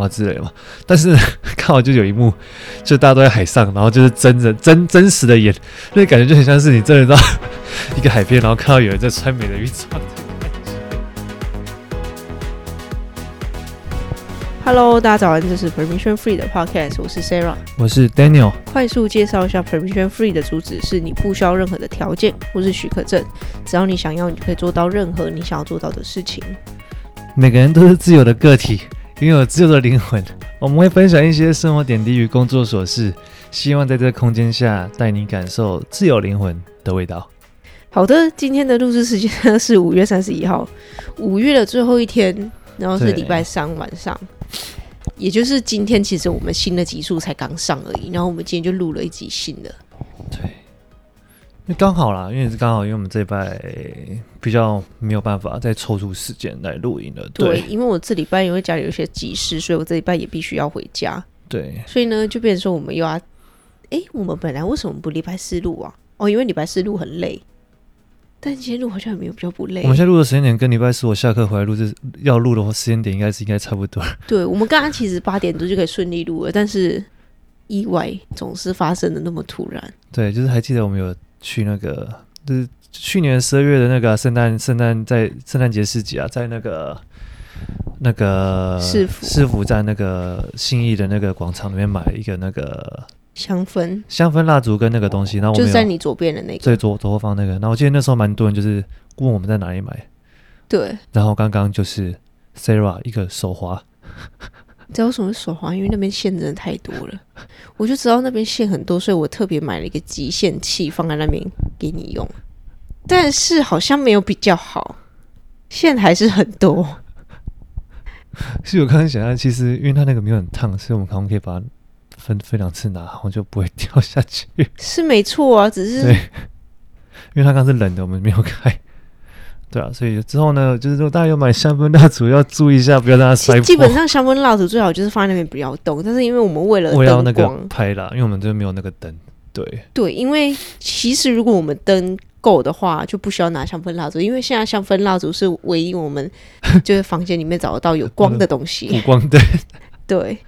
哇，之類嘛，但是看完就有一幕，就大家都在海上，然後就是真人，真真實的演，那個，感覺就很像是你真人到一個海邊，然後看到有人在穿美人魚裝。Hello，大家早安，這是 Permission Free 的 podcast，我是 Sarah，我是 Daniel。快速介紹一下 Permission Free 的主旨：是你不需要任何的條件或是許可證，只要你想要，你就可以做到任何你想要做到的事情。每個人都是自由的個體。擁有自由的靈魂，我們會分享一些生活點滴與工作瑣事，希望在這個空間下帶你感受自由靈魂的味道。好的，今天的錄制時間呢是五月三十一號，五月的最後一天，然後是禮拜三晚上，對也就是今天。其實我們新的集數才剛上而已，然後我們今天就錄了一集新的。對。那剛好啦，因為是剛好，因為我們這禮拜比較沒有辦法再抽出時間來錄音了。對，對，因為我這禮拜因為家裡有些急事，所以我這禮拜也必須要回家。對，所以呢，就變成說我們又要，哎、欸，我們本來為什麼不禮拜四錄啊？哦，因為禮拜四錄很累，但今天錄好像也沒有比較不累。我們現在錄的時間點跟禮拜四我下課回來錄制要錄的話，時間點應該是應該差不多。對，我們剛剛其實八點多就可以順利錄了，但是意外總是發生的那麼突然。對，就是還記得我們有。去那個，就是去年十二月的那個聖誕，聖誕在聖誕節市集啊，在那個那個師傅師傅在那個信義的那個廣場裡面買一個那個香氛香氛蠟燭跟那個東西，氛然後我就在你左邊的那個最左左後方那個。然後我記得那時候蠻多人就是問我們在哪裡買，對。然後剛剛就是 Sarah 一個手滑。 知道為什麼說話？因為那邊線真的太多了，我就知道那邊線很多，所以我特別買了一個集線器放在那邊給你用。但是好像沒有比較好，線還是很多。所以我剛剛想，其實因為它那個沒有很燙，所以我們可能可以把它分分兩次拿，我就不會掉下去。是沒錯啊，只是因為它剛是冷的，我們沒有開。對啊，所以之後呢，就是說大家有買香氛蠟燭，要注意一下，不要讓它摔。基本上香氛蠟燭最好就是放在那邊不要動，但是因為我們為了燈光我那個拍了，因為我們這邊沒有那個燈。對對，因為其實如果我們燈夠的話，就不需要拿香氛蠟燭，因為現在香氛蠟燭是唯一我們就是房間裡面找得到有光的東西。補、 嗯、光燈。對。對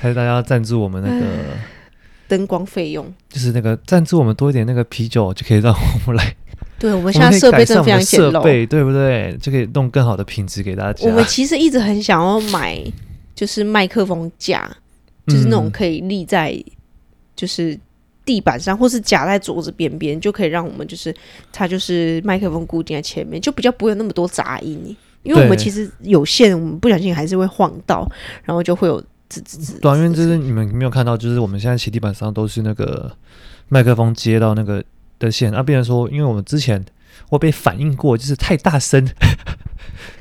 還是大家要贊助我們那個、呃、燈光費用，就是那個贊助我們多一點那個啤酒，就可以讓我們來。對，我們現在設備真的非常簡陋，對不對？就可以弄更好的品質給大家。我們其實一直很想要買，就是麥克風架，嗯、就是那種可以立在就是地板上，或是夾在桌子邊邊，就可以讓我們就是它就是麥克風固定在前面，就比較不會有那麼多雜音。因為我們其實有線，對我們不小心還是會晃到，然後就會有滋滋滋。短音就是你們沒有看到，就是我們現在洗地板上都是那個麥克風接到那個。的線，那、啊、變成說，因為我們之前我被反映過，就是太大聲，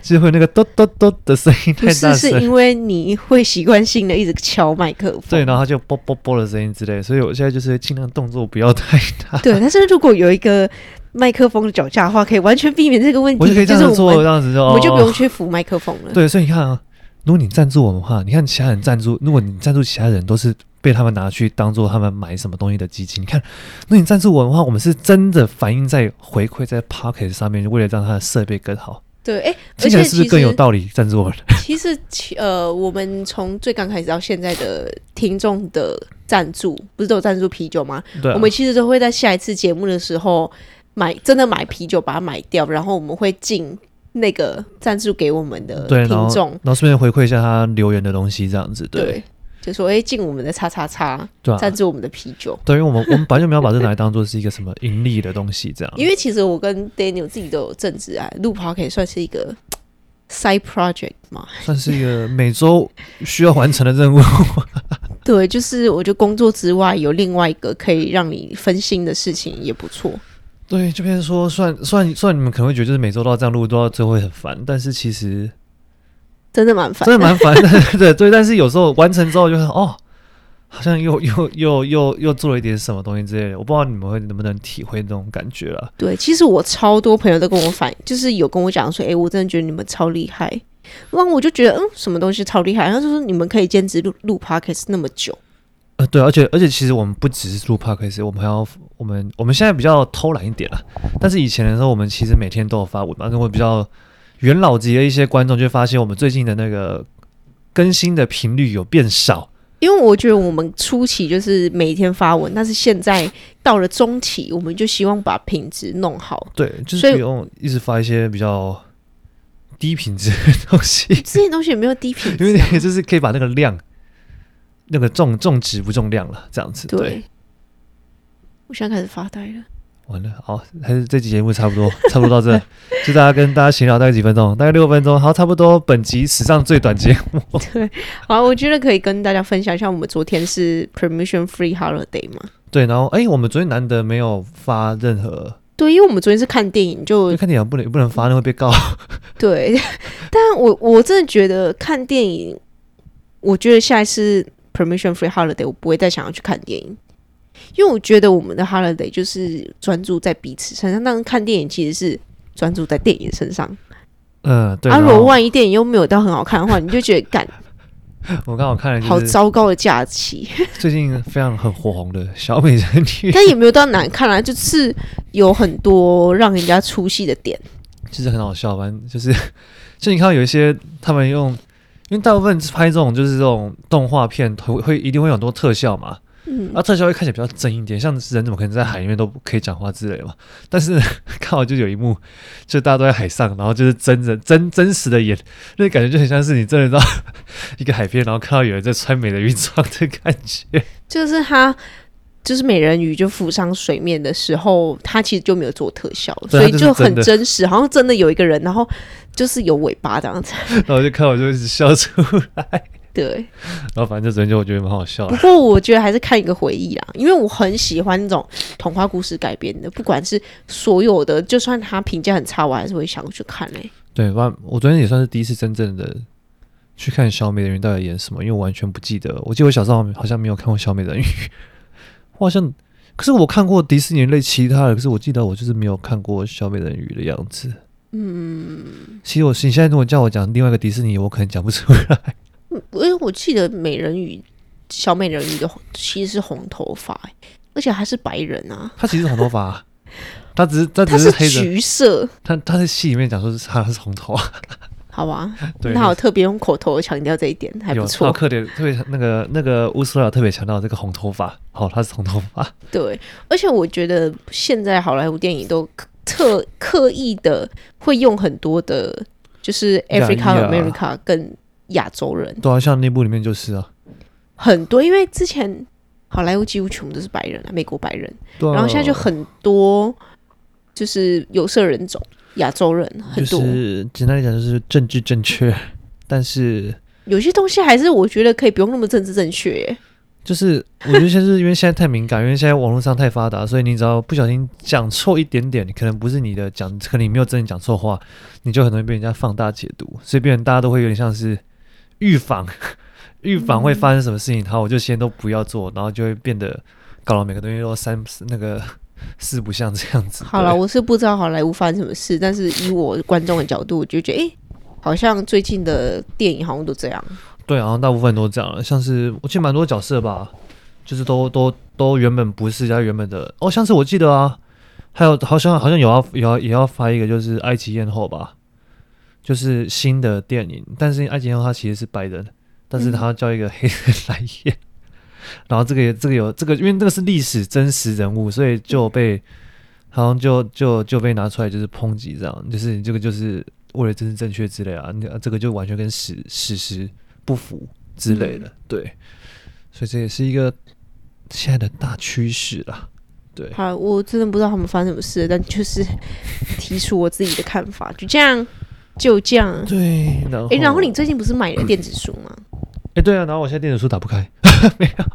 就會那個嘟嘟嘟的聲音太大聲。不是，是因為你會習慣性的一直敲麥克風，對，然後它就啵啵啵的聲音之類，所以我現在就是盡量動作不要太大。對，但是如果有一個麥克風的腳架的話，可以完全避免這個問題。我就可以這樣做，這樣子就我就不用去扶麥克風了，哦。對，所以你看啊。如果你贊助我的話，你看其他人贊助，如果你贊助其他人，都是被他們拿去當做他們買什麼東西的基金。你看，如果你贊助我的話，我們是真的反映在回饋在 Pocket 上面，為了讓他的設備更好。對，哎，而且是不是更有道理贊助且我們？其實，呃，我們從最剛開始到現在的聽眾的贊助，不是都有贊助啤酒嗎？對啊。我們其實都會在下一次節目的時候買，真的買啤酒把它買掉，然後我們會進。那個贊助給我們的聽眾，然後順便回饋一下他留言的東西，這樣子對，對。就說哎，敬、欸、我們的叉叉叉，贊助我們的啤酒。對於我們，我們完全沒有把這拿來當做是一個什麼盈利的東西，這樣。 因為其實我跟 Daniel 自己都有正職啊，路跑可以算是一個 side project 嘛，算是一個每周需要完成的任務。 對，就是我覺得工作之外有另外一個可以讓你分心的事情也不錯。對，這邊說算算算，雖然雖然雖然你們可能會覺得就是每周都要這樣錄，都要最後會很煩。但是其實真的蠻煩，真的蠻煩的。 對對，但是有時候完成之後就是哦，好像又又又又又做了一點什麼東西之類的。我不知道你們會能不能體會那種感覺了。對，其實我超多朋友都跟我反應，就是有跟我講說，哎、欸，我真的覺得你們超厲害。然後我就覺得嗯，什麼東西超厲害？然後就是你們可以兼職錄錄 Podcast 那麼久。呃，對，而且而且，其實我們不只是錄 Podcast，我們還要。我們我們現在比較偷懶一點了，但是以前的時候，我們其實每天都有發文嘛，因為我比較元老級的一些觀眾就發現，我們最近的那個更新的頻率有變少。因為我覺得我們初期就是每天發文，但是現在到了中期，我們就希望把品質弄好。對，就是不用一直發一些比較低品質的東西。這些東西也沒有低品質，因為就是可以把那個量，那個重重質不重量了，這樣子。對。我現在開始發呆了。完了，好，還是這集節目差不多，差不多到這， 就大家跟大家閒聊大概幾分鐘，大概六分鐘，好，差不多本集史上最短節目。 對，好，我覺得可以跟大家分享一下，我們昨天是 Permission Free Holiday 嘛。對，然後，哎、欸，我們昨天難得沒有發任何，對，因為我們昨天是看電影，就看電影不能不能發，那會被告。 對，但我我真的覺得看電影，我覺得下一次 Permission Free Holiday，我不會再想要去看電影。因為我覺得我們的 holiday 就是專注在彼此身上，當然看電影其實是專注在電影身上。嗯、呃，對。阿羅羅，後萬一電影又沒有到很好看的話， 你就覺得幹。我剛好看了，就是，好糟糕的假期。最近非常很火紅的小美人魚， 但也沒有到難看啊，就是有很多讓人家出戲的點。其實很好笑，反正就是，就你看到有一些他們用，因為大部分拍這種就是這種動畫片，會一定會有很多特效嘛。嗯，然後特效會看起來比較真一點，像是人怎麼可能在海裡面都可以講話之類的嘛？但是看完就有一幕，就大家都在海上，然後就是真人真真實的演，那個、感覺就很像是你真的到一個海邊，然後看到有人在穿美人魚裝的感覺。就是他，就是美人魚就浮上水面的時候，他其實就沒有做特效，所以就很真實，好像真的有一個人，然後就是有尾巴這樣子。然後就看，我就一直笑出來。對，然後反正就昨天就我覺得蠻好笑的。不過我覺得還是看一個回憶啦， 因為我很喜歡那種童話故事改編的，不管是所有的，就算他評價很差，我還是會想去看嘞、欸。對，我我昨天也算是第一次真正的去看小美人魚到底演什麼，因為我完全不記得，我記得我小時候好像沒有看過小美人魚，我好像可是我看過迪士尼類其他的，可是我記得我就是沒有看過小美人魚的樣子。嗯，其實我你現在如果叫我講另外一個迪士尼，我可能講不出來。因為、欸、我記得美人魚小美人魚的紅其實是紅頭髮，而且還是白人啊。他其實是紅頭髮、啊， 他只是他只是橘色。他他在戲裡面講說他是紅頭髮， 好吧，啊？那我對特別用口頭強調這一點，還不錯。特別特別那個那個烏蘇拉特別強調這個紅頭髮，好，哦，他是紅頭髮。對，而且我覺得現在好萊塢電影都特 刻意的會用很多的，就是 African America 更。亞洲人，對啊，像那部裡面就是啊，很多，因為之前好萊塢幾乎全部都是白人啊，美國白人，啊、然後現在就很多就是有色人種，亞洲人、就是、很多。就是簡單來講，就是政治正確， 但是有些東西還是我覺得可以不用那麼政治正確耶。就是我覺得，就是因為現在太敏感， 因為現在網絡上太發達，所以你只要不小心講錯一點點，可能不是你的講，可能你沒有真的講錯話，你就很容易被人家放大解讀，所以變成大家都會有點像是。預防，預防會發生什麼事情？嗯、好，我就先都不要做，然後就會變得搞到每個東西都三、那個四不像這樣子。好了，我是不知道好萊塢發生什麼事，但是以我觀眾的角度，我就覺得，哎、欸，好像最近的電影好像都這樣。對，然後大部分都這樣了。像是我記得蠻多角色吧，就是都都都原本不是他原本的。哦，像是我記得啊，還有好像好像有要有要也要發一個，就是埃及艷後吧。就是新的電影，但是埃及艷後他其實是白人，但是他叫一個黑人來演，嗯、然後這個這個有這個，因為這個是歷史真實人物，所以就被、嗯、好像就就就被拿出來就是抨擊這樣，就是這個就是為了政治正確之類啊，這個就完全跟史史實不符之類的，嗯、對，所以這也是一個現在的大趨勢啦。對，好，我真的不知道他們發生什麼事，但就是提出我自己的看法，就這樣。 就這樣，對，然後誒、欸，然後你最近不是買了電子書嗎？哎、 欸，對啊，然後我現在電子書打不開， 沒有，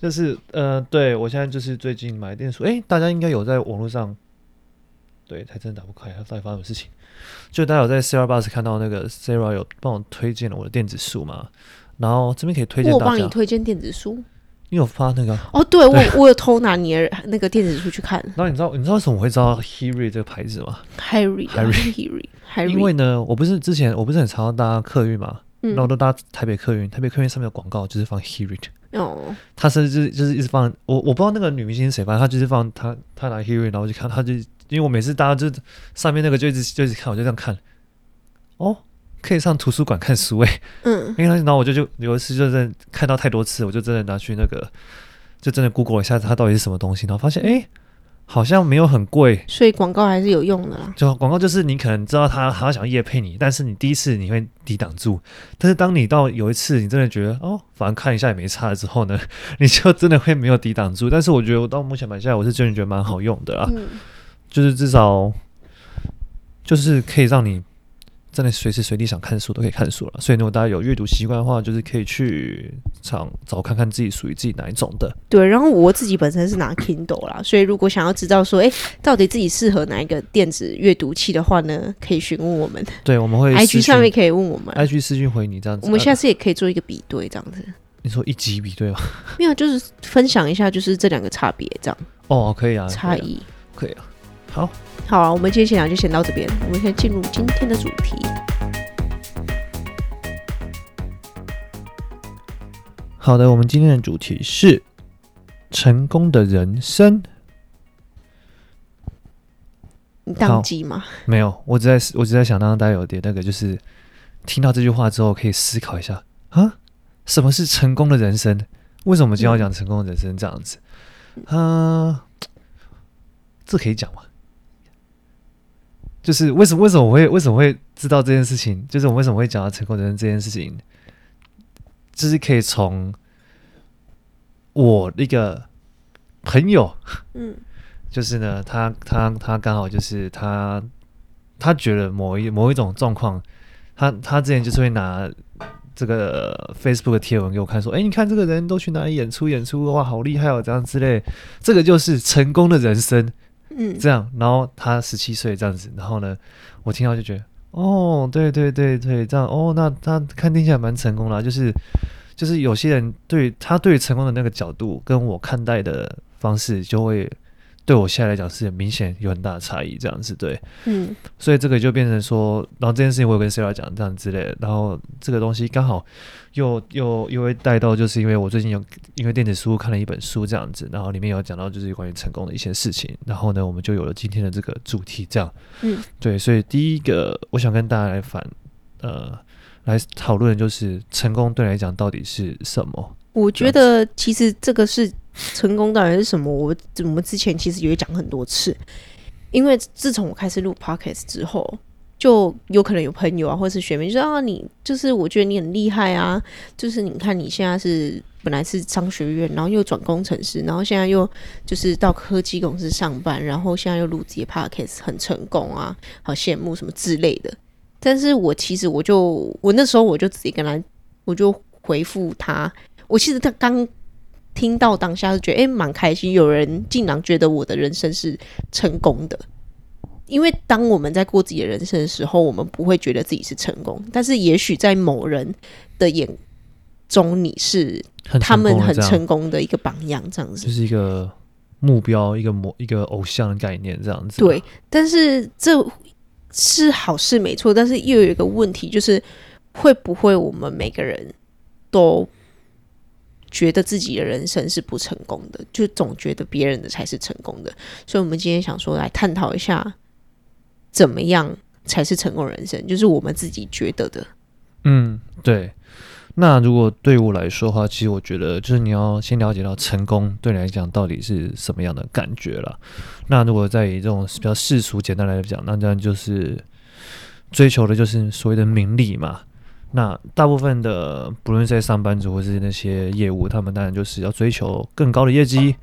就是呃，對我現在就是最近買了電子書，哎、欸，大家應該有在網絡上，對，它真的打不開，它到底發生什麼事情？就大家有在 SaraBox 看到那個 Sara 有幫我推薦了我的電子書嘛？然後這邊可以推薦，我幫你推薦電子書。因為我發那個哦，對，對我我有偷拿你的那個電子書去看。然後你知道你知道為什麼我會知道 HyRead 這個牌子嗎？HyRead，HyRead，HyRead。HyRead, HyRead, 因為呢，我不是之前我不是很常，常搭客運嘛，嗯、然後都搭台北客運，台北客運上面的廣告就是放 HyRead。哦。他甚至就是、就是、一直放我，我不知道那個女明星是誰，反正他就是放他他拿 HyRead，然後我就看，他就因為我每次搭就上面那個就一直就一直看，我就這樣看。哦。可以上圖書館看書誒、欸，嗯，因為然後我就就有一次就是看到太多次，我就真的拿去那個，就真的 Google 一下它到底是什麼東西，然後發現哎、欸，好像沒有很貴，所以廣告還是有用的。就廣告就是你可能知道它，他想要業配你，但是你第一次你會抵擋住，但是當你到有一次你真的覺得哦，反正看一下也沒差了之後呢，你就真的會沒有抵擋住。但是我覺得我到目前買下來，我是真的覺得蠻好用的啊，嗯、就是至少就是可以讓你。真的隨時隨地想看書都可以看書了，所以如果大家有閱讀習慣的話，就是可以去想找看看自己屬於自己哪一種的。對，然後我自己本身是拿 Kindle 啦，所以如果想要知道說，哎、欸，到底自己適合哪一個電子閱讀器的話呢，可以詢問我們。對，我們會 IG 上面可以問我們，IG 私信回你這樣子。我們下次也可以做一個比對，這樣子。你說一集比對嗎？沒有，就是分享一下，就是這兩個差別這樣。哦，可以啊，差異異可以啊。好，好啊！我們今天現場就先到這邊，我們先進入今天的主題。好的，我們今天的主題是成功的人生。你當機嗎？沒有，我只在，我只在想，當大家有點那個，就是聽到這句話之後，可以思考一下啊，什麼是成功的人生？為什麼今天要講成功的人生這樣子？啊、嗯呃，這可以講嗎？就是為什麼為什麼我會為什麼會知道這件事情？就是我為什麼會講到成功人生這件事情？就是可以從我一個朋友，嗯，就是呢，他他他剛好就是他他覺得某一某一種狀況，他他之前就是會拿這個 Facebook 的貼文給我看，說，哎，你看這個人都去哪裡演出演出的話好厲害哦，這樣之類，這個就是成功的人生。嗯，這樣，然後他十七歲這樣子，然後呢，我聽到就覺得，哦，對對對對，這樣哦，那他看定下蠻成功的，就是，就是有些人對他對成功的那個角度跟我看待的方式就會。對我現在來講是明顯有很大的差異，這樣子對，嗯，所以這個就變成說，然後這件事情我有跟 Sara 講這樣之類的，然後這個東西剛好又又又會帶到，就是因為我最近有因為電子書看了一本書這樣子，然後裡面有講到就是關於成功的一些事情，然後呢，我們就有了今天的這個主題這樣，嗯，對，所以第一個我想跟大家來反呃來討論，就是成功對你來講到底是什麼？我覺得其實這個是。成功到底是什麼？我我們之前其實也講很多次，因為自從我開始錄 Podcast 之後，就有可能有朋友啊，或者是學妹就說啊，你就是我覺得你很厲害啊，就是你看你現在是本來是商學院，然後又轉工程師，然後現在又就是到科技公司上班，然後現在又錄自己 Podcast，很成功啊，好羨慕什麼之類的。但是我其實我就我那時候我就直接跟他，我就回復他，我其實他剛聽到當下就覺得哎，蠻開心。有人竟然覺得我的人生是成功的，因為當我們在過自己的人生的時候，我們不會覺得自己是成功，但是也許在某人的眼中，你是他們很成功的一個榜樣，這樣子這樣就是一個目標，一個某一個偶像的概念，這樣子。對，但是這是好事沒錯，但是又有一個問題，就是會不會我們每個人都覺得自己的人生是不成功的，就總覺得別人的才是成功的，所以我們今天想說來探討一下，怎麼樣才是成功人生，就是我們自己覺得的。嗯，對。那如果對我來說的話，其實我覺得就是你要先了解到成功對你來講到底是什麼樣的感覺了。那如果在以這種比較世俗簡單來講，那這樣就是追求的就是所謂的名利嘛。那大部分的，不論是在上班族或是那些業務，他們當然就是要追求更高的業績，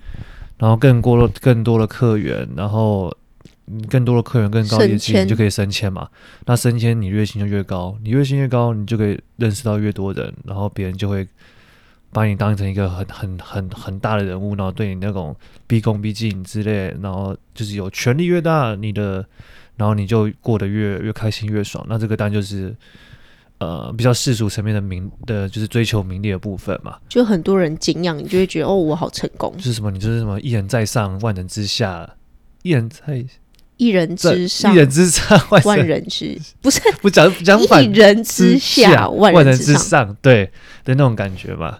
然後更過更多的客源，然後更多的客源，更高的業績，你就可以升遷嘛。升遷那升遷你月薪就越高，你月薪越高，你就可以認識到越多人，然後別人就會把你當成一個很很很很大的人物，然後對你那種畢恭畢敬之類，然後就是有權力越大，你的，然後你就過得越越開心越爽。那這個單就是。呃，比較世俗層面的名的，就是追求名利的部分嘛，就很多人敬仰你，就會覺得 哦，我好成功。就是什麼？你就是什麼一人在上，萬人之下；一人在一人之上，一人之上，萬人之,萬人之不是不講是講反一人之下,之下，萬人之上，之上對的那種感覺嘛。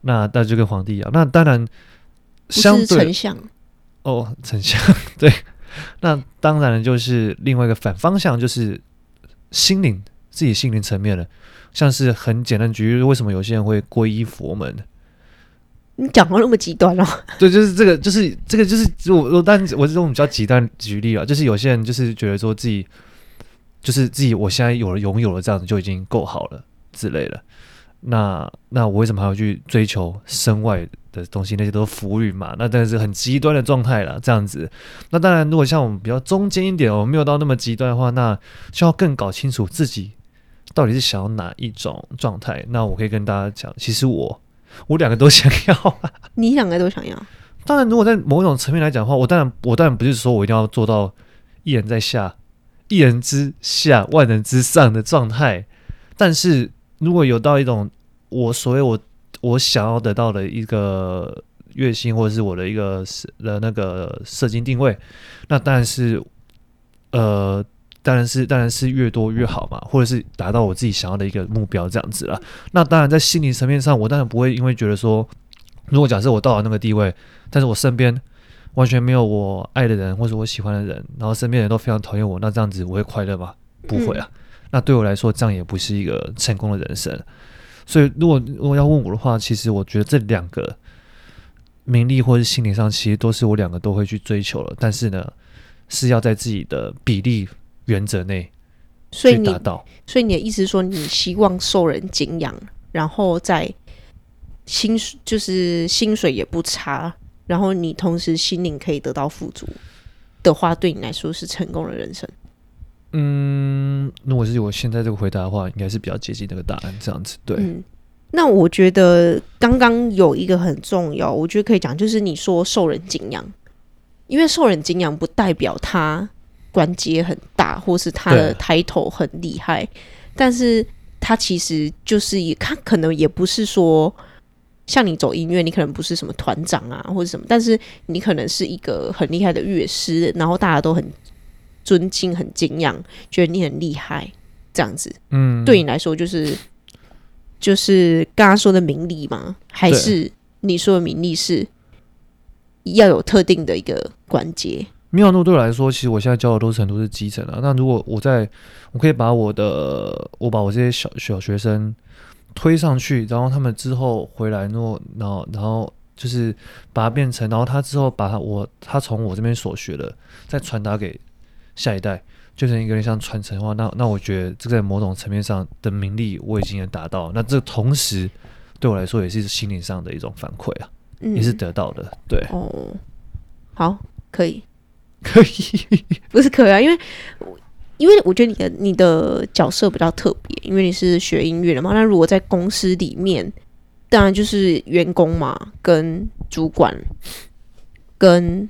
那那就跟皇帝一、啊、樣。那當然，相對丞相哦，丞相對。那當然就是另外一個反方向，就是心靈。自己心靈層面的，像是很簡單舉例，為什麼有些人會皈依佛門？你講到那麼極端了，哦，對，就是這個，就是這個，就是我我，但我這種比較極端的舉例啊。就是有些人就是覺得說自己，就是自己，我現在有了擁有了這樣子就已經夠好了之類的。那那我為什麼還要去追求身外的東西？那些都是浮雲嘛。那但是很極端的狀態了，這樣子。那當然，如果像我們比較中間一點，我們沒有到那麼極端的話，那就要更搞清楚自己，到底是想要哪一種狀態？那我可以跟大家講，其實我我兩個都想要。你兩個都想要？當然，如果在某種層面來講的話，我當然我當然不是說我一定要做到一人在下，一人之下、萬人之上的狀態。但是如果有到一種我所謂我我想要得到的一個月薪或者是我的一個的那個社經定位，那當然是呃。當然是，當然是越多越好嘛，或者是達到我自己想要的一個目標這樣子了。那當然，在心靈層面上，我當然不會因為覺得說，如果假設我到了那個地位，但是我身邊完全沒有我愛的人，或者我喜歡的人，然後身邊人都非常討厭我，那這樣子我會快樂嗎？不會啊。嗯、那對我來說，這樣也不是一個成功的人生。所以，如果如果要問我的話，其實我覺得這兩個名利或者心靈上，其實都是我兩個都會去追求的。但是呢，是要在自己的比例。原則內，所以你，所以你的意思是說，你希望受人敬仰，然後在薪水就是薪水也不差，然後你同時心靈可以得到富足的話，對你來說是成功的人生。嗯，如果是我現在這個回答的話，應該是比較接近那個答案這樣子。對，嗯，那我覺得剛剛有一個很重要，我覺得可以講，就是你說受人敬仰，因為受人敬仰不代表他官階很大。或是他的抬頭很厲害，對但是他其實就是也，他可能也不是說像你走音樂，你可能不是什麼團長啊或者什麼，但是你可能是一個很厲害的樂師，然後大家都很尊敬、很敬仰，覺得你很厲害，這樣子。嗯，對你來說就是就是剛剛說的名利嗎？還是你說的名利是要有特定的一個關節？妙諾，對我來說，其實我現在教的都是很多是基層啊。那如果我在，我可以把我的，我把我這些小小學生推上去，然後他們之後回來，然後，然後就是把它變成，然後他之後把我他從我這邊所學的再傳達給下一代，就是一個人像傳承的話，那那我覺得這在某種層面上的名利我已經也達到。那這同時對我來說也是心靈上的一種反饋啊，嗯、也是得到的。對，哦，好，可以。可以， 不是可以啊，因為，因為我覺得你的你的角色比較特別，因為你是學音樂的嘛。那如果在公司裡面，當然就是員工嘛，跟主管，跟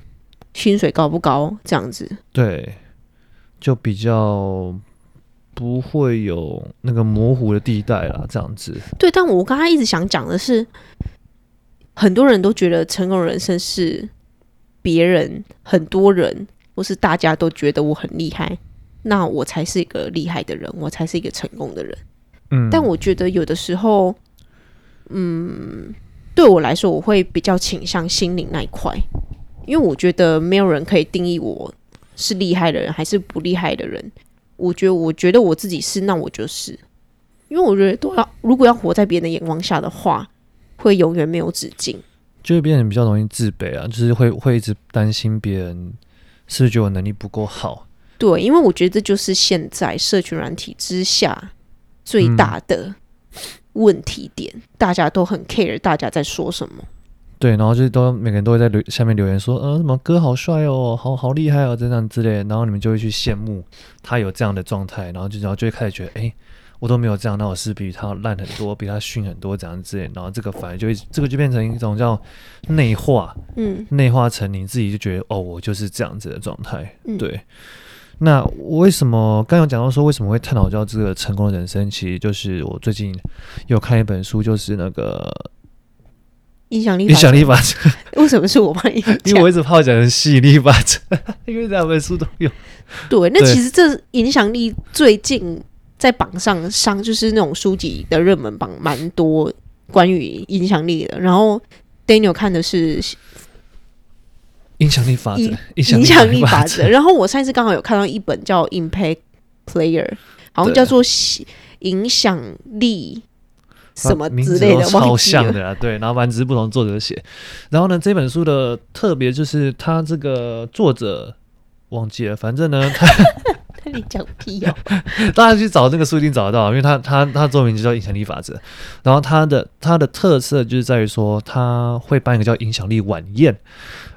薪水高不高這樣子。對，就比較不會有那個模糊的地帶啦，這樣子。對，但我剛才一直想講的是，很多人都覺得成功人生是。別人很多人或是大家都覺得我很厲害，那我才是一個厲害的人，我才是一個成功的人。嗯，但我覺得有的時候，嗯，對我來說，我會比較傾向心靈那一塊，因為我覺得沒有人可以定義我是厲害的人還是不厲害的人。我覺得，我覺得我自己是，那我就是，因為我覺得，都要，如果要活在別人的眼光下的話，會永遠沒有止境。就會變成比較容易自卑啊，就是會會一直擔心別人是不是覺得我能力不夠好。對，因為我覺得這就是現在社群軟體之下最大的問題點，嗯、大家都很 care 大家在說什麼。對，然後就是都每個人都會在留下面留言說，呃，什麼哥好帥哦，好好厲害哦，這樣之類，然後你們就會去羨慕他有這樣的狀態，然後就然後就會開始覺得，哎。我都沒有這樣，那我是比他爛很多，比他遜很多，怎樣之類。然後這個反而就這個就變成一種叫內化，嗯，內化成你自己就覺得哦，我就是這樣子的狀態。嗯、對。那我為什麼剛剛講到說為什麼會探討到這個成功的人生？其實就是我最近有看一本書，就是那個影響力影響力法則。為什麼是我怕影響？因為我一直怕我講成吸引力法則，因為這兩本書都有。對，那其實這影響力最近。在榜上上就是那種書籍的熱門榜，蠻多關於影響力的，然後 Daniel 看的是影響力法則，影響力法則。然後我上次剛好有看到一本叫《Impact Player》，好像叫做影響力什麼之類的，超像的啊。對，然後反正只是不同的作者寫。 然後呢，這本書的特別就是它這個作者忘記了，反正呢他。 你講屁哦！大家去找這個書一定找得到，因為他他他的作品就叫影響力法則。然後他的他的特色就是在於說，他會辦一個叫影響力晚宴。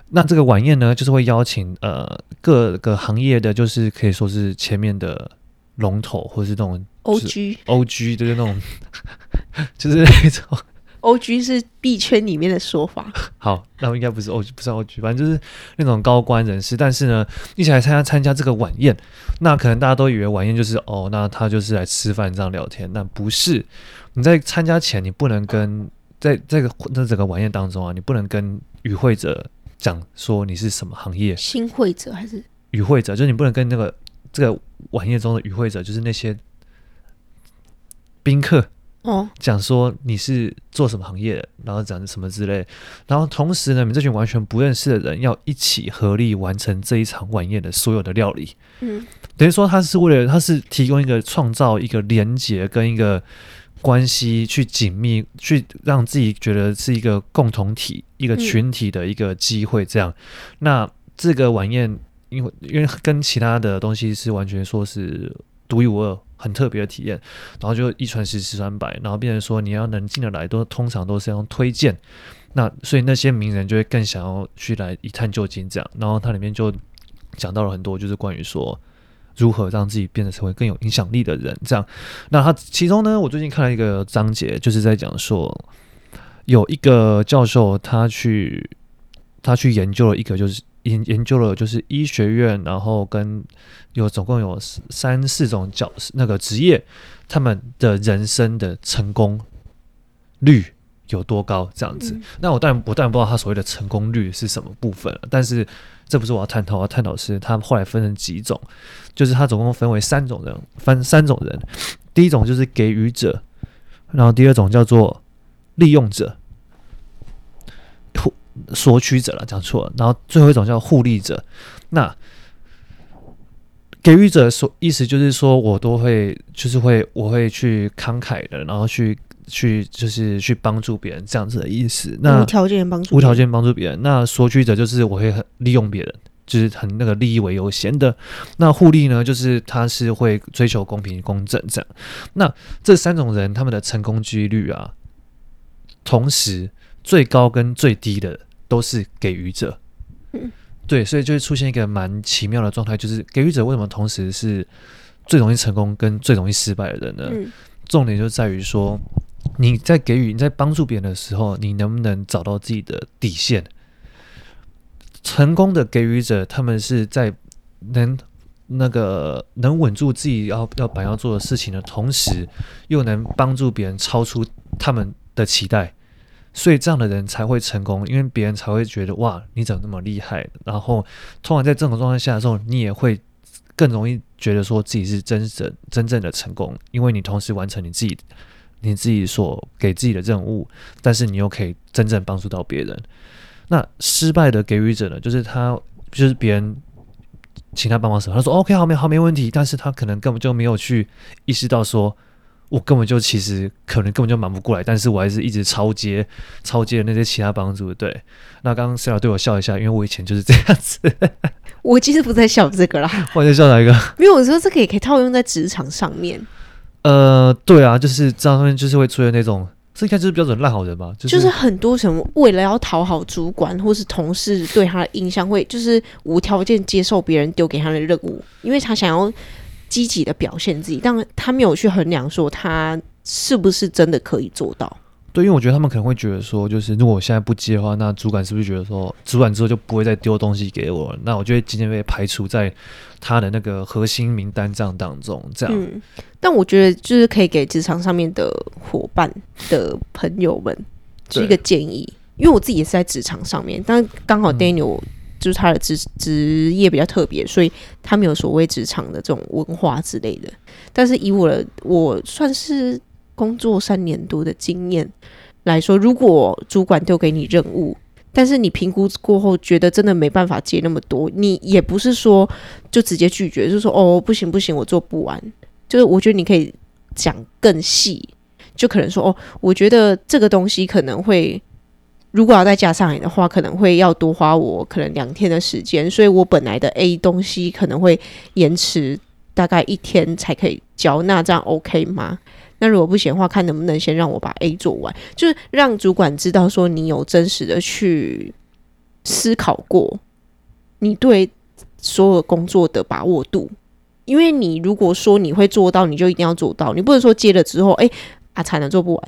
那這個晚宴呢，就是會邀請呃各個行業的，就是可以說是前面的龍頭，或者是那種 OG OG，就是 OG 那種就是那種。 OG 是幣圈裡面的說法。好，那應該不是 OG，不是 OG，反正就是那種高官人士。但是呢，一起來參加參加這個晚宴，那可能大家都以為晚宴就是哦，那他就是來吃飯這樣聊天。那不是，你在參加前你不能跟、哦、在，在這個那整個晚宴當中啊，你不能跟與會者講說你是什麼行業，新會者還是與會者？就是你不能跟那個這個晚宴中的與會者，就是那些賓客。講說你是做什麼行業的，然後講什麼之類，然後同時呢，你們這群完全不認識的人要一起合力完成這一場晚宴的所有的料理。嗯，等於說他是為了，他是提供一個創造一個連接跟一個關係去緊密，去讓自己覺得是一個共同體、一個群體的一個機會。這樣，嗯，那這個晚宴，因為因為跟其他的東西是完全說是獨一無二。很特別的體驗，然後就一傳十，十傳百，然後變成說你要能進的來都，都通常都是用推薦。那所以那些名人就會更想要去來一探究竟，這樣。然後它裡面就講到了很多，就是關於說如何讓自己變得成，成為更有影響力的人，這樣。那他其中呢，我最近看了一個章節，就是在講說有一個教授他去他去研究了一個就是。研研究了就是醫學院，然後跟有總共有三四種角那個職業，他們的人生的成功率有多高？這樣子，嗯、那我當然不我當然不知道他所謂的成功率是什麼部分，但是這不是我要探討，我要探討是，他們後來分成幾種，就是他總共分為三種人，分三種人，第一種就是給予者，然後第二種叫做利用者。索取者了，講錯了。然後最後一種叫互利者，那給予者所意思就是說我都會，就是會，我會去慷慨的，然後去去就是去幫助別人這樣子的意思。那無條件幫助，無條件幫助別人。那索取者就是我會很利用別人，就是很那個利益為優先的。那互利呢，就是他是會追求公平公正這樣。那這三種人他們的成功幾率啊，同時。最高跟最低的都是給予者，嗯、對，所以就會出現一個蠻奇妙的狀態，就是給予者為什麼同時是最容易成功跟最容易失敗的人呢？嗯、重點就在於說，你在給予、你在幫助別人的時候，你能不能找到自己的底線。成功的給予者，他們是在能那個能穩住自己要要本來要做的事情的同時，又能幫助別人超出他們的期待。所以這樣的人才會成功，因為別人才會覺得哇，你怎麼那麼厲害？然後，通常在這種狀態下的時候，你也會更容易覺得說自己是真正真正的成功，因為你同時完成你自己你自己所給自己的任務，但是你又可以真正幫助到別人。那失敗的給予者呢？就是他就是別人請他幫忙時，他說，哦，OK 好，沒好沒問題，但是他可能根本就沒有去意識到說我根本就其實可能根本就忙不過來，但是我還是一直超接、超接的那些其他幫助。對，那剛剛 Sara 對我笑一下，因為我以前就是這樣子。 我其實不在笑這個啦。 我在笑哪一個？沒有，我說這個也可以套用在職場上面。呃，對啊，就是職場上面就是會出現那種，這應該就是標準爛好人吧，就是、就是很多什麼為了要討好主管或是同事，對他的印象會就是無條件接受別人丟給他的任務，因為他想要積極的表現自己，但他沒有去衡量說他是不是真的可以做到。對，因為我覺得他們可能會覺得說，就是如果我現在不接的話，那主管是不是覺得說，主管之後就不會再丟東西給我，那我就會今天被排除在他的那個核心名單帳當中。這樣，嗯，但我覺得就是可以給職場上面的夥伴的朋友們，就是一個建議，對因為我自己也是在職場上面，但剛好 Daniel，嗯。就是他的職職業比較特別，所以他沒有所謂職場的這種文化之類的。但是以我的我算是工作三年多的經驗來說，如果主管丟給你任務，但是你評估過後覺得真的沒辦法接那麼多，你也不是說就直接拒絕，就是說哦，不行不行，我做不完。就是我覺得你可以講更細，就可能說哦，我覺得這個東西可能會。如果要再加上來的話，可能會要多花我可能兩天的時間，所以我本來的 A 東西可能會延遲大概一天才可以交納，這樣 OK 嗎？那如果不行的話，看能不能先讓我把 A 做完，就是讓主管知道說你有真實的去思考過你對所有工作的把握度，因為你如果說你會做到，你就一定要做到，你不能說接了之後，哎、欸、啊，慘了，做不完。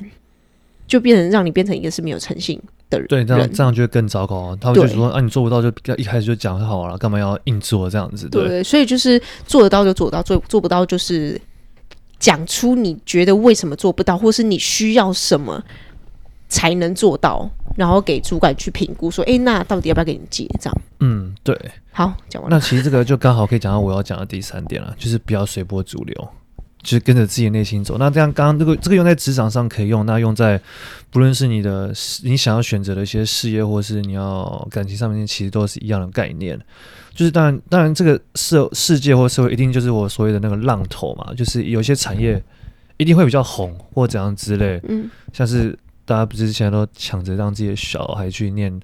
就變成讓你變成一個是沒有誠信的人，對，這樣這樣就會更糟糕。他們就說對啊，你做不到就，就一開始就講好了，幹嘛要硬做這樣子？對，對，所以就是做得到就做到，做做不到就是講出你覺得為什麼做不到，或是你需要什麼才能做到，然後給主管去評估，說，哎、欸，那到底要不要給你結賬？嗯，對。好，講完了。那其實這個就剛好可以講到我要講的第三點了， 就是不要隨波逐流。就是跟着自己的內心走，那這樣剛剛這個這個用在職場上可以用，那用在不論是你的你想要選擇的一些事業，或是你要感情上面，其實都是一樣的概念。就是當然當然，這個社世界或社會一定就是我所謂的那個浪頭嘛，就是有些產業一定會比較紅、嗯、或怎樣之類。嗯，像是大家不是現在都搶着讓自己的小孩去念。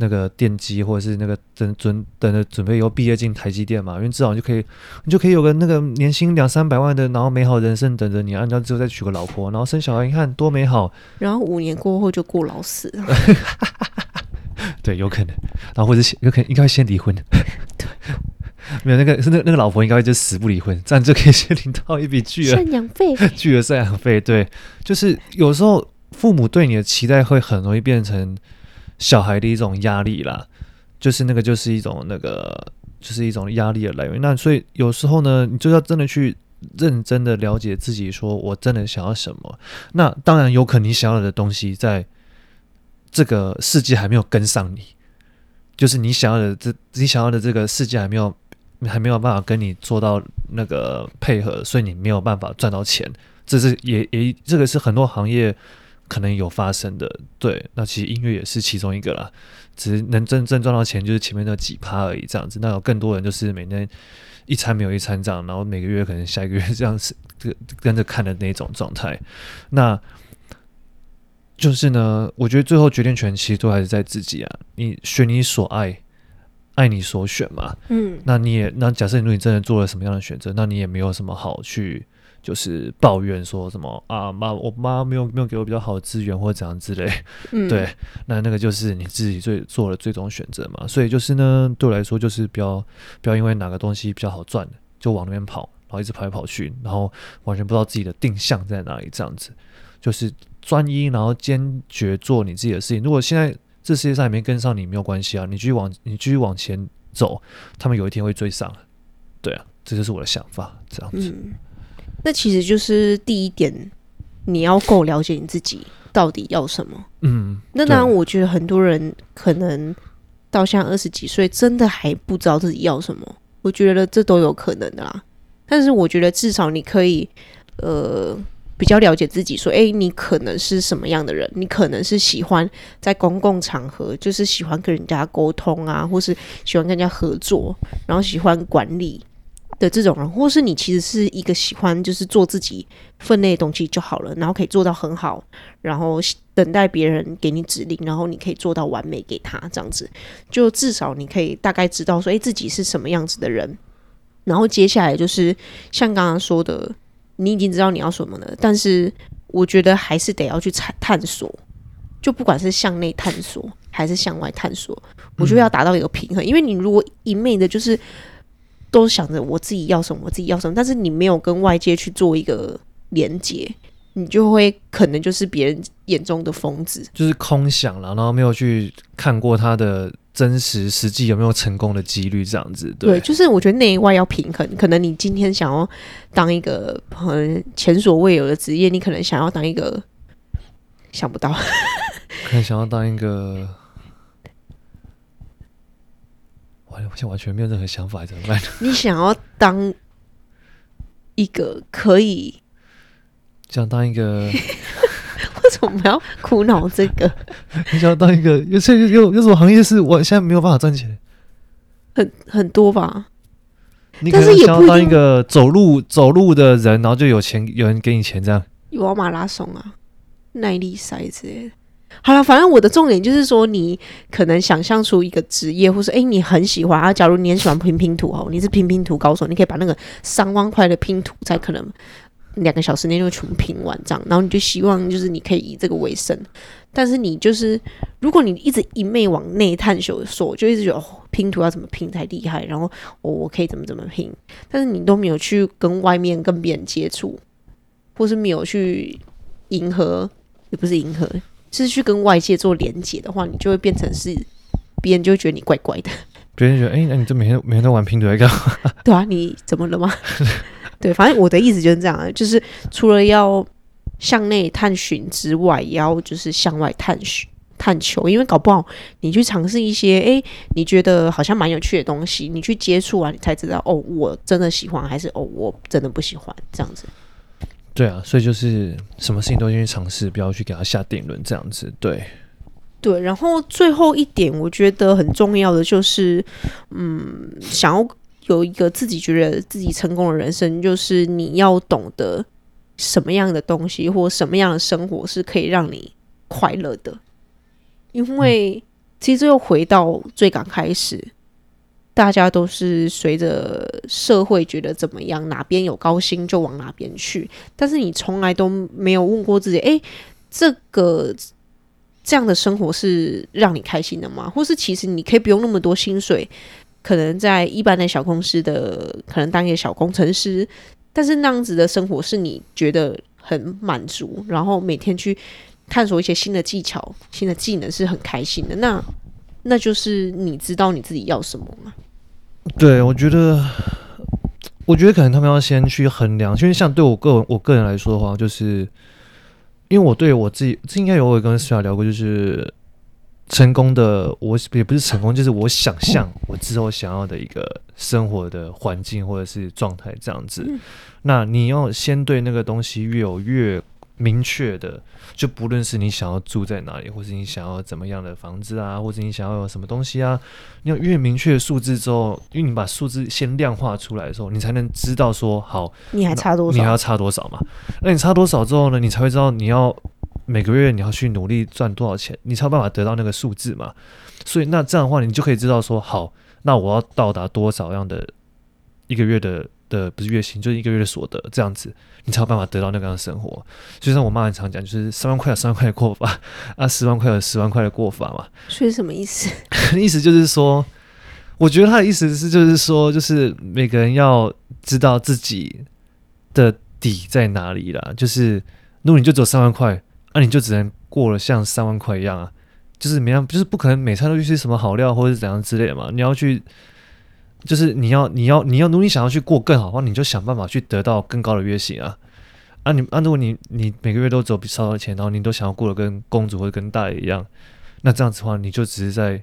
那個電機，或者是那個等準準等着準備以後畢業進台積電嘛，因為至少你就可以，你就可以有個那個年薪兩三百萬的，然後美好人生等着你，然後之後再娶個老婆，然後生小孩，你看多美好。然後五年過後就過勞死了， 對，有可能，然後或者是有可能應該會先離婚，對， 沒有那個是那那個老婆應該會就死不離婚，這樣就可以先領到一筆巨額贍養費，欸、巨額贍養費，對，就是有時候父母對你的期待會很容易變成。小孩的一種壓力啦，就是那個，就是一種那個，就是一種壓力的來源。那所以有時候呢，你就要真的去認真的了解自己，說我真的想要什麼。那當然，有可能你想要的東西在這個世界還沒有跟上你，就是你想要的這，你想要的這個世界還沒有還沒有辦法跟你做到那個配合，所以你沒有辦法賺到錢。這是也也，這個是很多行業。可能有發生的，對，那其實音樂也是其中一個啦。只是能真正賺到錢，就是前面那幾趴而已，這樣子。那有更多人，就是每天一餐沒有一餐這樣，然後每個月可能下一個月這樣子跟跟着看的那種狀態。那就是呢，我覺得最後決定權其實都還是在自己啊。你選你所愛，愛你所選嘛。嗯，那你也那假設如果你真的做了什麼樣的選擇，那你也沒有什麼好去。就是抱怨說什麼啊媽，我媽沒有沒有給我比較好的資源或者怎樣之類。嗯，對，那那個就是你自己最做的最終選擇嘛。所以就是呢，對我來說就是不要不要因為哪個東西比較好賺就往那邊跑，然後一直跑來跑去，然後完全不知道自己的定向在哪裡。這樣子就是專一，然後堅決做你自己的事情。如果現在這世界上還沒跟上你，沒有關係啊，你繼續往你繼續往前走，他們有一天會追上。對啊，這就是我的想法，這樣子。嗯那其實就是第一點，你要夠了解你自己到底要什麼。嗯，那當然，我覺得很多人可能到現在二十幾歲，真的還不知道自己要什麼。我覺得這都有可能的啦。但是我覺得至少你可以，呃，比較了解自己，說，哎、欸，你可能是什麼樣的人，你可能是喜歡在公共場合，就是喜歡跟人家溝通啊，或是喜歡跟人家合作，然後喜歡管理。的這種人，或是你其實是一個喜歡就是做自己分內的東西就好了，然後可以做到很好，然後等待別人給你指令，然後你可以做到完美給他這樣子，就至少你可以大概知道說，誒、欸，自己是什麼樣子的人。然後接下來就是像剛剛說的，你已經知道你要什麼了，但是我覺得還是得要去探探索，就不管是向內探索還是向外探索，我覺得要達到一個平衡，嗯、因為你如果一味的就是。都想着我自己要什麼，我自己要什麼，但是你沒有跟外界去做一個連接，你就會可能就是別人眼中的瘋子，就是空想了，然後沒有去看過他的真實實際有沒有成功的幾率這樣子。對，對就是我覺得內外要平衡。可能你今天想要當一個很前所未有的職業，你可能想要當一個想不到，可能想要當一個。 我現在完全沒有任何想法，怎麼辦？你想要當一個可以想當一個？為什麼不要苦惱這個？你想要當一個？有這有有什麼行業是我現在沒有辦法賺錢？很很多吧。你但是想要當一個走路走路的人，然後就有錢，有人給你錢，這樣？跑馬拉松啊，耐力賽之類的。好了，反正我的重點就是說，你可能想象出一個職業，或是誒、欸、你很喜歡啊。假如你很喜歡拼拼圖哦，你是拼拼圖高手，你可以把那個三萬塊的拼圖才可能兩個小時內就全拼完，這樣，然後你就希望就是你可以以這個為生。但是你就是，如果你一直一昧往內探索，就一直覺得、哦、拼圖要怎麼拼才厲害，然後、哦、我我可以怎麼怎麼拼，但是你都沒有去跟外面跟別人接觸，或是沒有去迎合，也不是迎合。就是去跟外界做連接的話，你就會變成是別人就會覺得你怪怪的，別人覺得哎，那、欸、你這每天每天都玩拼多多幹嘛？對啊，你怎麼了嗎？ 對，反正我的意思就是這樣，就是除了要向內探尋之外，也要就是向外探尋探求，因為搞不好你去嘗試一些哎、欸，你覺得好像蠻有趣的東西，你去接觸完、啊，你才知道哦，我真的喜歡，還是哦，我真的不喜歡，這樣子。對啊，所以就是什麼事情都願意嘗試，不要去給他下定論，這樣子。對，對。然後最後一點，我覺得很重要的就是，嗯，想要有一個自己覺得自己成功的人生，就是你要懂得什麼樣的東西或什麼樣的生活是可以讓你快樂的。因為，嗯，其實又回到最剛開始。大家都是隨着社會覺得怎麼樣，哪邊有高薪就往哪邊去。但是你從來都沒有問過自己，哎、欸，這個這樣的生活是讓你開心的嗎？或是其實你可以不用那麼多薪水，可能在一般的小公司的，可能當一個小工程師，但是那樣子的生活是你覺得很滿足，然後每天去探索一些新的技巧、新的技能是很開心的。那那就是你知道你自己要什麼嗎？對，我覺得，我覺得可能他們要先去衡量，因為像對我個人，我個人來說的話，就是因為我對我自己，這應該有我跟 Sara 聊過，就是成功的，我也不是成功，就是我想象我之後想要的一個生活的環境或者是狀態這樣子。那你要先對那個東西越有越。明確的，就不論是你想要住在哪裡，或是你想要怎麼樣的房子啊，或者你想要有什麼東西啊，你要越明確數字之後，因為你把數字先量化出來的時候，你才能知道說好，你還差多少，你還要差多少嘛？那你差多少之後呢？你才會知道你要每個月你要去努力賺多少錢，你才有辦法得到那個數字嘛。所以那這樣的話，你就可以知道說好，那我要到達多少樣的一個月的。的不是月薪，就是一個月的所得，這樣子你才有辦法得到那個樣的生活。就像我媽很常講，就是三萬塊有三萬塊的過法，啊，十萬塊有十萬塊的過法嘛。所以什麼意思？ 意思就是說，我覺得他的意思是，就是說，就是每個人要知道自己的底在哪裡啦。就是，如果你就只有三萬塊，那、啊、你就只能過了像三萬塊一樣啊，就是怎麼樣，就是不可能每餐都去吃什麼好料或者是怎樣之類的嘛。你要去。就是你要你要你要努力想要去過更好的話，你就想辦法去得到更高的月薪啊啊！啊你啊，如果你你每個月都走比少少的錢，然後你都想要過得跟公主或跟大爺一樣，那這樣子的話，你就只是在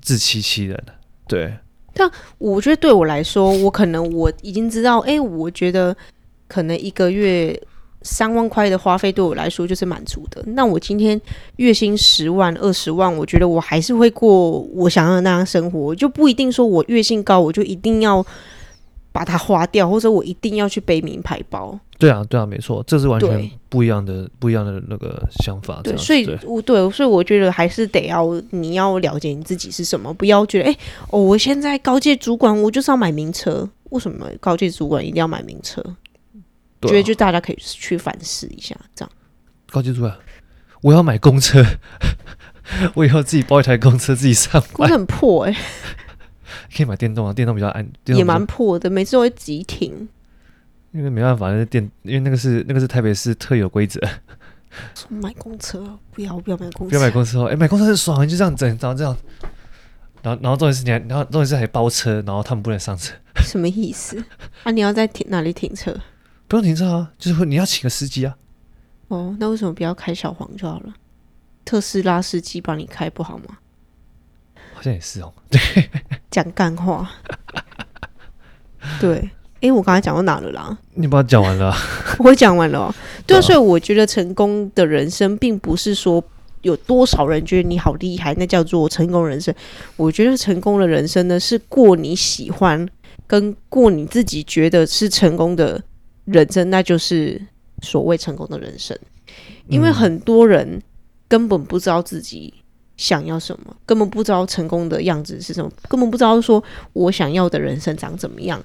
自欺欺人，對。但我覺得對我來說，我可能我已經知道，哎、欸，我覺得可能一個月。三萬塊的花費對我來說就是滿足的。那我今天月薪十萬、二十萬，我覺得我還是會過我想要的那樣生活，就不一定說我月薪高我就一定要把它花掉，或者我一定要去背名牌包。對啊，對啊，沒錯，這是完全不一樣的、對不一樣的那個想法。對，所以，我對，對，所以我覺得還是得要你要了解你自己是什麼，不要覺得，哎，哦，我現在高階主管，我就是要買名車，為什麼高階主管一定要買名車？我對覺得就大家可以去反思一下，這樣。搞清楚啊！我要買公車，我以後自己包一台公車自己上。公車很破哎、欸。可以買電動啊，電動比較安。較也蠻破的，每次都會急停。因為沒辦法，那電，因為那個是，、那個、是那個是台北市特有規則。我買公車不要我不要買公車，不要買公車！哎、欸，買公車很爽，就這樣整，然後這樣，然後然後重點是你還，然後重點是還包車，然後他們不能上車。什麼意思？啊，你要在停哪裡停車？不用停車啊，就是你要請個司機啊。哦，那為什麼不要開小黃就好了？特斯拉司機幫你開不好嗎？好像也是哦。對，講幹話。 對，哎、欸，我剛才講到哪了啦？你把它講完了、啊。 我講完了。對，所以我覺得成功的人生，並不是說有多少人覺得你好厲害，那叫做成功人生。我覺得成功的人生呢，是過你喜歡跟過你自己覺得是成功的。人生，那就是所謂成功的人生。因為很多人根本不知道自己想要什麼，嗯、根本不知道成功的樣子是什麼，根本不知道說我想要的人生長怎麼樣，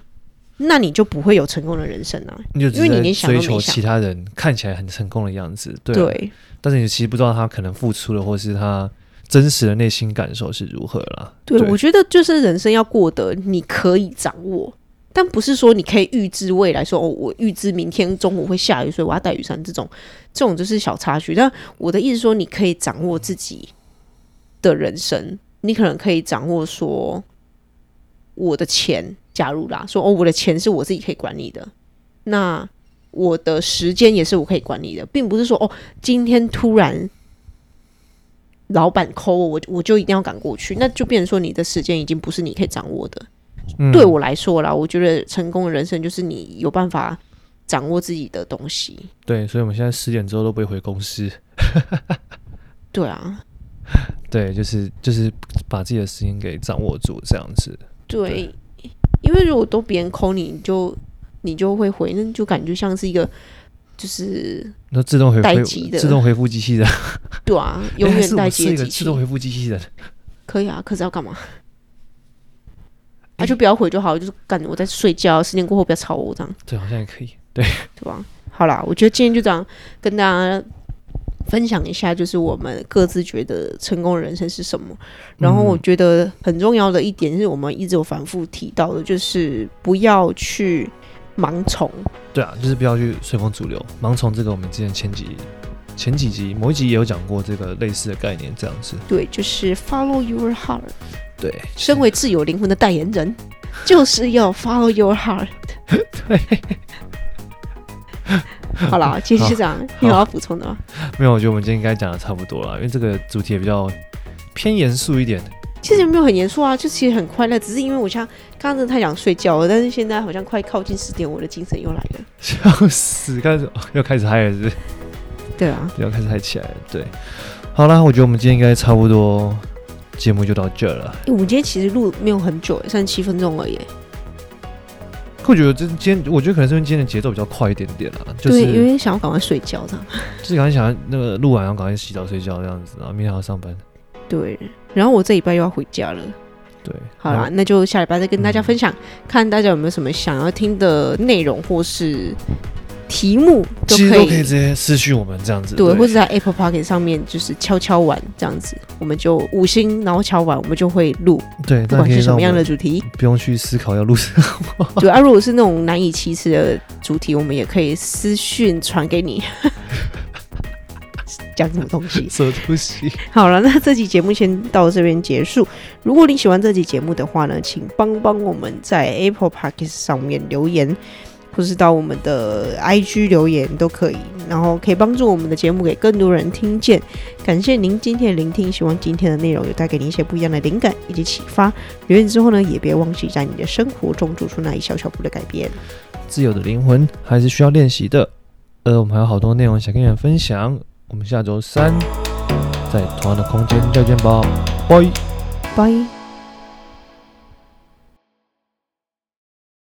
那你就不會有成功的人生了、啊。因為你連想，想追求其他人看起來很成功的樣子，對、啊，對，但是你其實不知道他可能付出的，或是他真實的內心感受是如何了。對，對，我覺得就是人生要過得你可以掌握。但不是說你可以預知未來說，說哦，我預知明天中午會下雨，所以我要帶雨傘。這種，這種就是小插曲。但我的意思說，你可以掌握自己的人生，你可能可以掌握說我的錢，假如啦，說哦，我的錢是我自己可以管理的，那我的時間也是我可以管理的，並不是說哦，今天突然老闆 call 我我就一定要趕過去，那就變成說你的時間已經不是你可以掌握的。對我來說啦，嗯、我覺得成功的人生就是你有辦法掌握自己的東西。對，所以我們現在十點之後都不會回公司。 對啊，對，就是就是把自己的時間給掌握住，這樣子。對，對，因為如果都別人 call 你就，就你就會回，那就感覺像是一個就是那自動回待機的回自動回復機器人。 對啊，永遠待機、欸、自動回復機器人。可以啊，可是要幹嘛？他、啊、就不要回就好，就是感覺我在睡覺，十年過後不要吵我這樣。對，好像也可以。對，對吧？好啦，我覺得今天就這樣跟大家分享一下，就是我們各自覺得成功的人生是什麼。然後我覺得很重要的一點，是我們一直有反覆提到的，就是不要去盲從。對啊，就是不要去隨波逐流。盲從這個，我們之前前幾前幾集某一集也有講過這個類似的概念，這樣子。對，就是 follow your heart。對，身為自由靈魂的代言人，是就是要 follow your heart。 對， 好了，金師長，你有要補充的嗎？沒有，我覺得我們今天應該講的差不多了，因為這個主題也比較偏嚴肅一點。其實也沒有很嚴肅啊，就其實很快樂，只是因為我像剛剛真的太想睡覺了，但是現在好像快靠近十點，我的精神又來了，笑死！開始又開始嗨了，是？對啊，又開始嗨、啊、起來了。對，好了，我覺得我們今天應該差不多。節目就到這了。欸、我們今天其實錄沒有很久，三十七分鐘而已。會覺得今天，我覺得可能是因為今天的節奏比較快一點點就是、對，因為想要趕快睡覺，這樣。就是趕快想要那個錄完，然後趕快洗澡睡覺這樣子，然後明天還要上班。對，然後我這禮拜又要回家了。對，好啦，那，那就下禮拜再跟大家分享，嗯、看大家有沒有什麼想要聽的內容，或是。題目都可以,都可以直接私訊我們這樣子，對，對或者在 Apple Podcast 上面就是悄悄玩這樣子，我們就五星，然後敲玩，我們就會錄，對，不管是什麼樣的主題，不用去思考要錄什麼。就啊，如果是那種難以啟齒的主題，我們也可以私訊傳給你，講 什麼東西？什麼東西？好了，那這期節目先到這邊結束。如果你喜歡這期節目的話呢，請幫幫我們在 Apple Podcast 上面留言。或是到我們的 IG 留言都可以，然後可以幫助我們的節目給更多人聽見。感謝您今天的聆聽，希望今天的內容也帶給您一些不一樣的靈感以及啟發。留言之後呢，也別忘記在你的生活中做出那一小小步的改變。自由的靈魂還是需要練習的。呃，我們還有好多內容想跟你們分享，我們下周三在同樣的空間再見吧，拜拜。